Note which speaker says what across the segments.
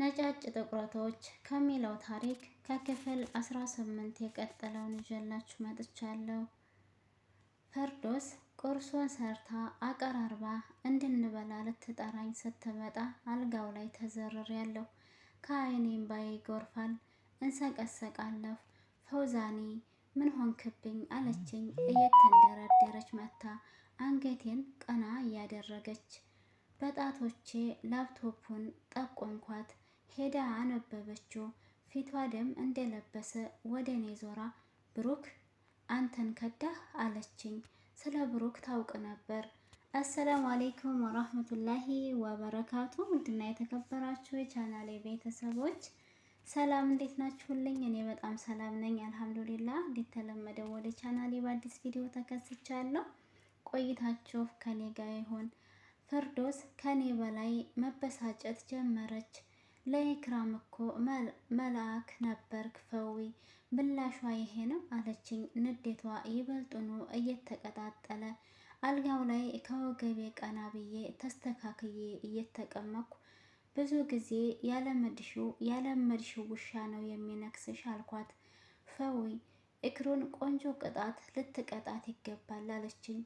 Speaker 1: ነጫጭ ጥቁረቶች ከሚለው ታሪክ ከክፍል 18 የቀጠለውን ይዤላችሁ መጥቻለሁ። ፈርዶስ ቁርሶን ሰርታ አቀራርባ እንድንበላ ልትጠራኝ ስትመጣ አልጋው ላይ ተዘርር ያለሁ ከአይኔም ባይ ይጎርፋል፣ እንሰቀሰቃለሁ። ፈውዛኔ ምን ሆንክብኝ አለችኝ እየተንደረደረች መታ አንገቴን ቀና እያደረገች በጣቶቼ ላፕቶፑን ጠቆምኳት። ሄዳ አነበበችው። ፊቷ ደም እንደለበሰ ወደ እኔ ዞራ ብሩክ አንተን ከዳህ አለችኝ። ስለ ብሩክ ታውቅ ነበር። አሰላሙ አሌይኩም ወራህመቱላሂ ወበረካቱ። ውድና የተከበራችሁ የቻናሌ ቤተሰቦች ሰላም እንዴት ናችሁልኝ? እኔ በጣም ሰላም ነኝ አልሐምዱሊላ። እንደተለመደው ወደ ቻናሌ በአዲስ ቪዲዮ ተከስቻለሁ። ቆይታችሁ ከኔ ጋር ይሁን። ፍርዶስ ከኔ በላይ መበሳጨት ጀመረች። ለኢክራም እኮ መልአክ ነበርክ ፈዊ፣ ምላሿ ይሄ ነው አለችኝ። ንዴቷ ይበልጡኑ እየተቀጣጠለ አልጋው ላይ ከወገቤ ቀና ብዬ ተስተካክዬ እየተቀመኩ ብዙ ጊዜ ያለመድሽው ያለመድሽው ውሻ ነው የሚነክስሽ አልኳት። ፈዊ እክሩን ቆንጆ ቅጣት ልትቀጣት ይገባል አለችኝ።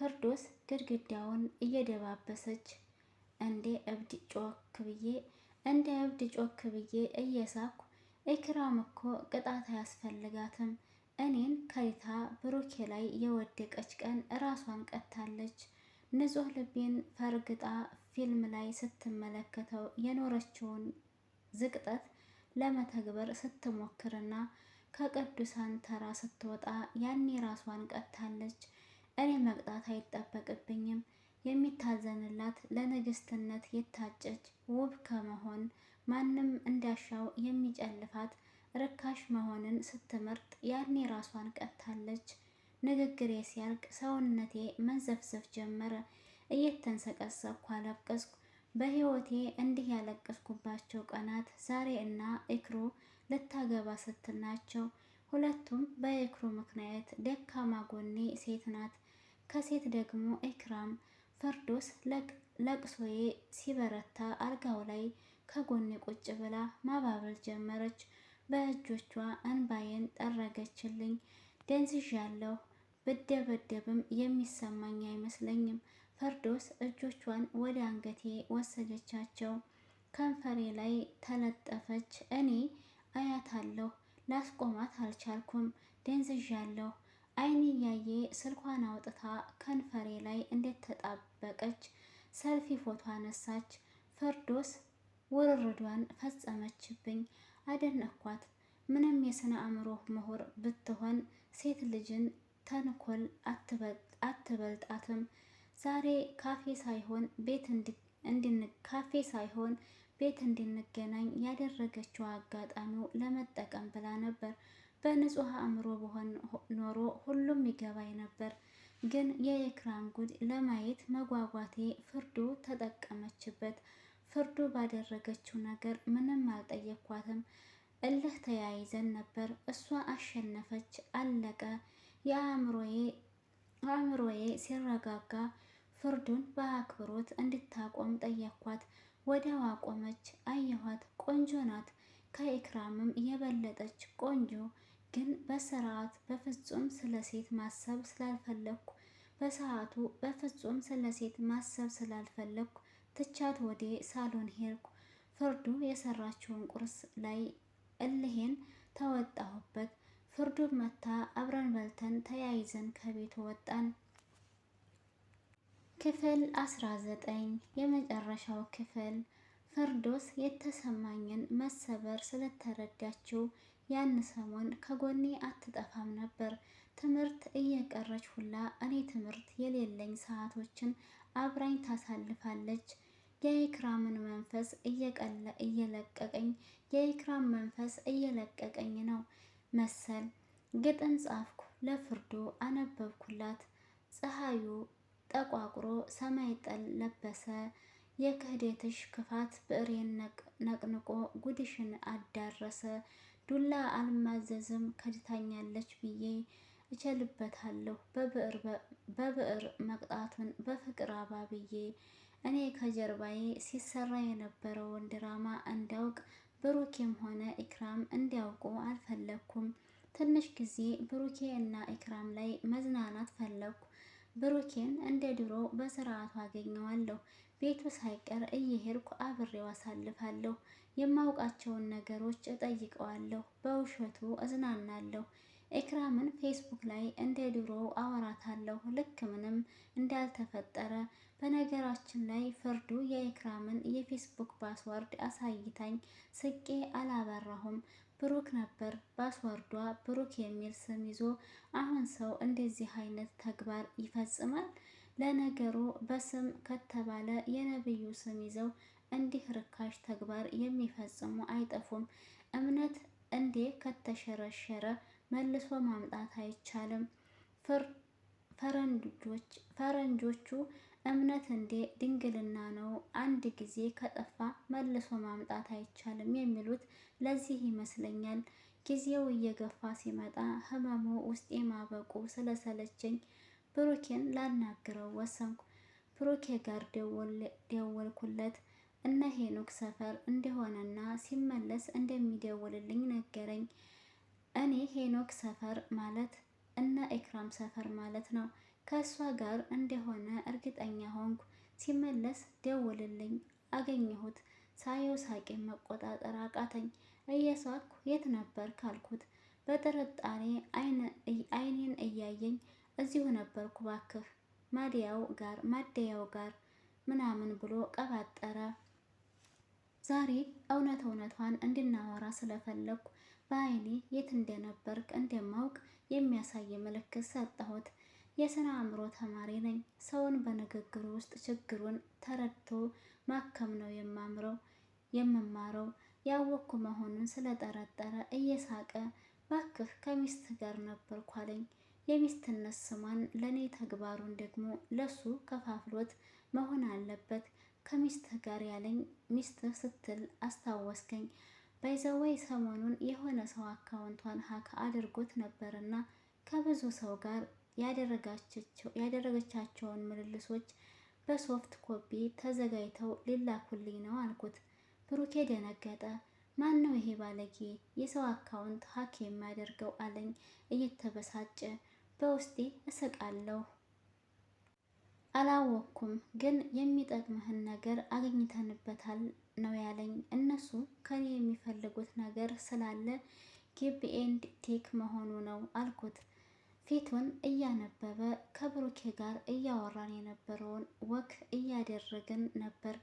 Speaker 1: ፈርዶስ ግድግዳውን እየደባበሰች እንዴ እብድ ጮክ ብዬ እንደ እብድ ጮክ ብዬ እየሳኩ ኢክራም እኮ ቅጣት አያስፈልጋትም፣ እኔን ከሪታ ብሩኬ ላይ የወደቀች ቀን ራሷን ቀታለች። ንጹህ ልቤን ፈርግጣ ፊልም ላይ ስትመለከተው የኖረችውን ዝቅጠት ለመተግበር ስትሞክርና ከቅዱሳን ተራ ስትወጣ ያኔ ራሷን ቀታለች። እኔ መቅጣት አይጠበቅብኝም። የሚታዘንላት ለንግስትነት የታጨች ውብ ከመሆን ማንም እንዳሻው የሚጨልፋት ርካሽ መሆንን ስትመርጥ ያኔ ራሷን ቀጥታለች። ንግግሬ ሲያልቅ ሰውነቴ መንዘፍዘፍ ጀመረ። እየተንሰቀሰቅኩ አለቀስኩ። በህይወቴ እንዲህ ያለቀስኩባቸው ቀናት ዛሬ እና እክሩ ልታገባ ስትል ናቸው። ሁለቱም በእክሩ ምክንያት ደካማ ጎኔ ሴት ናት። ከሴት ደግሞ ኤክራም ፈርዶስ ለቅሶዬ ሲበረታ አልጋው ላይ ከጎኔ ቁጭ ብላ ማባበል ጀመረች። በእጆቿ እንባዬን ጠረገችልኝ። ደንዝዣለሁ። ብደበደብም የሚሰማኝ አይመስለኝም። ፈርዶስ እጆቿን ወደ አንገቴ ወሰደቻቸው፣ ከንፈሬ ላይ ተለጠፈች። እኔ አያታለሁ፣ ላስቆማት አልቻልኩም። ደንዝዣለሁ። አይኔ እያየ ስልኳን አውጥታ ከንፈሬ ላይ እንዴት ተጣበቀች። ሰልፊ ፎቶ አነሳች። ፈርዶስ ውርርዷን ፈጸመችብኝ። አደነኳት። ምንም የስነ አእምሮ ምሁር ብትሆን ሴት ልጅን ተንኮል አትበልጣትም። ዛሬ ካፌ ሳይሆን ቤት ካፌ ሳይሆን ቤት እንድንገናኝ ያደረገችው አጋጣሚው ለመጠቀም ብላ ነበር። በንጹህ አእምሮ በሆን ኖሮ ሁሉም ይገባኝ ነበር። ግን የኤክራም ጉድ ለማየት መጓጓቴ ፍርዱ ተጠቀመችበት። ፍርዱ ባደረገችው ነገር ምንም አልጠየኳትም። እልህ ተያይዘን ነበር። እሷ አሸነፈች፣ አለቀ። የአእምሮዬ ሲረጋጋ ፍርዱን በአክብሮት እንድታቆም ጠየኳት። ወዲያው አቆመች። አየኋት፣ ቆንጆ ናት። ከኤክራምም የበለጠች ቆንጆ ግን በስርዓት በፍጹም ስለ ሴት ማሰብ ስላልፈለግኩ በሰዓቱ በፍጹም ስለ ሴት ማሰብ ስላልፈለግኩ ትቻት ወደ ሳሎን ሄድኩ። ፍርዱ የሰራችውን ቁርስ ላይ እልሄን ተወጣሁበት። ፍርዱ መታ አብረን በልተን ተያይዘን ከቤቱ ወጣን። ክፍል 19 የመጨረሻው ክፍል። ፍርዶስ የተሰማኝን መሰበር ስለተረዳችው ያን ሰሞን ከጎኔ አትጠፋም ነበር። ትምህርት እየቀረች ሁላ እኔ ትምህርት የሌለኝ ሰዓቶችን አብራኝ ታሳልፋለች። የኢክራምን መንፈስ እየቀለ እየለቀቀኝ የኢክራም መንፈስ እየለቀቀኝ ነው መሰል። ግጥም ጻፍኩ፣ ለፍርዱ አነበብኩላት። ፀሐዩ ጠቋቁሮ ሰማይ ጠል ለበሰ። የክህደትሽ ክፋት ብዕሬን ነቅንቆ ጉድሽን አዳረሰ። ዱላ አልማዘዝም ከድታኛለች ብዬ እቸልበታለሁ። በብዕር መቅጣቱን በፍቅር አባ ብዬ እኔ ከጀርባዬ ሲሰራ የነበረውን ድራማ እንዳውቅ ብሩኬም ሆነ ኢክራም እንዲያውቁ አልፈለግኩም። ትንሽ ጊዜ ብሩኬ እና ኢክራም ላይ መዝናናት ፈለግኩ። ብሩኬን እንደ ድሮ በስርዓቱ አገኘዋለሁ። ቤቱ ሳይቀር እየሄድኩ አብሬው አሳልፋለሁ። የማውቃቸውን ነገሮች እጠይቀዋለሁ፣ በውሸቱ እዝናናለሁ። ኤክራምን ፌስቡክ ላይ እንደ ድሮው አወራታለሁ ልክ ምንም እንዳልተፈጠረ። በነገራችን ላይ ፍርዱ የኤክራምን የፌስቡክ ፓስወርድ አሳይታኝ ስቄ አላበራሁም። ብሩክ ነበር ፓስወርዷ። ብሩክ የሚል ስም ይዞ አሁን ሰው እንደዚህ አይነት ተግባር ይፈጽማል? ለነገሩ በስም ከተባለ የነብዩ ስም ይዘው እንዲህ ርካሽ ተግባር የሚፈጽሙ አይጠፉም። እምነት እንዴ ከተሸረሸረ መልሶ ማምጣት አይቻልም። ፈረንጆቹ እምነት እንዴ ድንግልና ነው፣ አንድ ጊዜ ከጠፋ መልሶ ማምጣት አይቻልም የሚሉት ለዚህ ይመስለኛል። ጊዜው እየገፋ ሲመጣ ህመሙ ውስጤ ማበቁ ስለሰለቸኝ ብሩኬን ላናግረው ወሰንኩ። ብሩኬ ጋር ደወልኩለት። እነ ሄኖክ ሰፈር እንደሆነና ሲመለስ እንደሚደውልልኝ ነገረኝ። እኔ ሄኖክ ሰፈር ማለት እነ ኤክራም ሰፈር ማለት ነው። ከእሷ ጋር እንደሆነ እርግጠኛ ሆንኩ። ሲመለስ ደውልልኝ። አገኘሁት። ሳየው ሳቄን መቆጣጠር አቃተኝ። እየሳኩ የት ነበር ካልኩት በጥርጣሬ አይኔን እያየኝ እዚሁ ነበርኩ ባክህ ማዲያው ጋር ማደያው ጋር ምናምን ብሎ ቀባጠረ። ዛሬ እውነት እውነቷን እንድናወራ ስለፈለኩ በአይኔ የት እንደነበርክ እንደማውቅ የሚያሳይ ምልክት ሰጠሁት። የስነ አእምሮ ተማሪ ነኝ። ሰውን በንግግር ውስጥ ችግሩን ተረድቶ ማከም ነው የማምረው የምማረው። ያወቅኩ መሆኑን ስለጠረጠረ እየሳቀ ባክህ ከሚስት ጋር ነበርኩ አለኝ። የሚስትነት ስሟን ለእኔ ተግባሩን ደግሞ ለሱ ከፋፍሎት መሆን አለበት። ከሚስት ጋር ያለኝ ሚስት ስትል አስታወስከኝ። ባይዘወይ ሰሞኑን የሆነ ሰው አካውንቷን ሀክ አድርጎት ነበርና ከብዙ ሰው ጋር ያደረገቻቸውን ምልልሶች በሶፍት ኮፒ ተዘጋጅተው ሊላኩልኝ ነው አልኩት። ብሩኬ ደነገጠ። ማን ነው ይሄ ባለጌ የሰው አካውንት ሀክ የሚያደርገው አለኝ እየተበሳጨ። በውስጤ እስቃለሁ። አላወቅኩም ግን የሚጠቅምህን ነገር አግኝተንበታል ነው ያለኝ። እነሱ ከኔ የሚፈልጉት ነገር ስላለ ጊቭ ኤንድ ቴክ መሆኑ ነው አልኩት። ፊቱን እያነበበ ከብሩኬ ጋር እያወራን የነበረውን ወክ እያደረግን ነበር።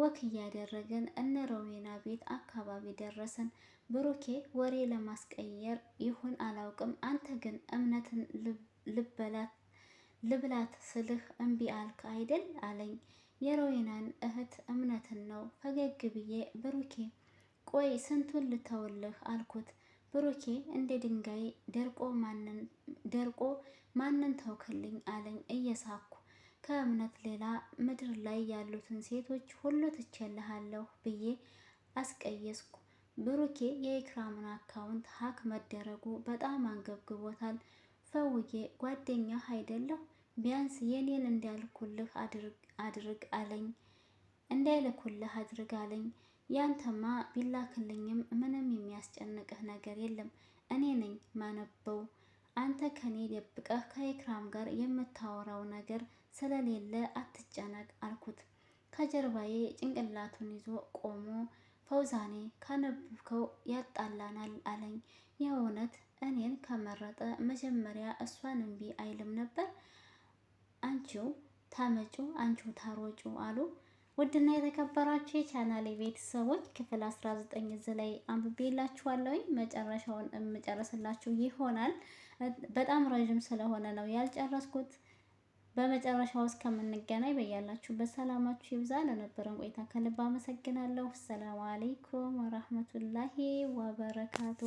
Speaker 1: ወክ እያደረግን እነ ሮዌና ቤት አካባቢ ደረስን። ብሩኬ ወሬ ለማስቀየር ይሁን አላውቅም፣ አንተ ግን እምነትን ልብላት ስልህ እምቢ አልክ አይደል አለኝ። የሮይናን እህት እምነትን ነው ፈገግ ብዬ ብሩኬ ቆይ ስንቱን ልተውልህ አልኩት። ብሩኬ እንደ ድንጋይ ደርቆ ማንን ተውክልኝ አለኝ እየሳኩ። ከእምነት ሌላ ምድር ላይ ያሉትን ሴቶች ሁሉ ትቼልሃለሁ ብዬ አስቀየስኩ። ብሩኬ የኢክራምን አካውንት ሀክ መደረጉ በጣም አንገብግቦታል። ፈውዬ ጓደኛ አይደለሁ ቢያንስ የኔን እንዳልኩልህ አድርግ አለኝ እንዳይልኩልህ አድርግ አለኝ። ያንተማ ቢላክልኝም ምንም የሚያስጨንቅህ ነገር የለም። እኔ ነኝ ማነበው። አንተ ከኔ ደብቀህ ከኢክራም ጋር የምታወራው ነገር ስለሌለ አትጨነቅ አልኩት። ከጀርባዬ ጭንቅላቱን ይዞ ቆሞ ፈውዛኔ ካነበብከው ያጣላናል አለኝ። የእውነት እኔን ከመረጠ መጀመሪያ እሷን እምቢ አይልም ነበር። አንቺው ታመጩ አንቺው ታሮጩ አሉ። ውድና የተከበራችሁ የቻናሌ ቤተሰቦች ክፍል 19 እዚህ ላይ አንብቤላችኋለሁ። መጨረሻውን የምጨርስላችሁ ይሆናል። በጣም ረዥም ስለሆነ ነው ያልጨረስኩት። በመጨረሻው እስከምንገናኝ በያላችሁ ሰላማችሁ ይብዛ። ለነበረን ቆይታ ከልብ አመሰግናለሁ። ሰላም አለይኩም ወራህመቱላሂ ወበረካቱ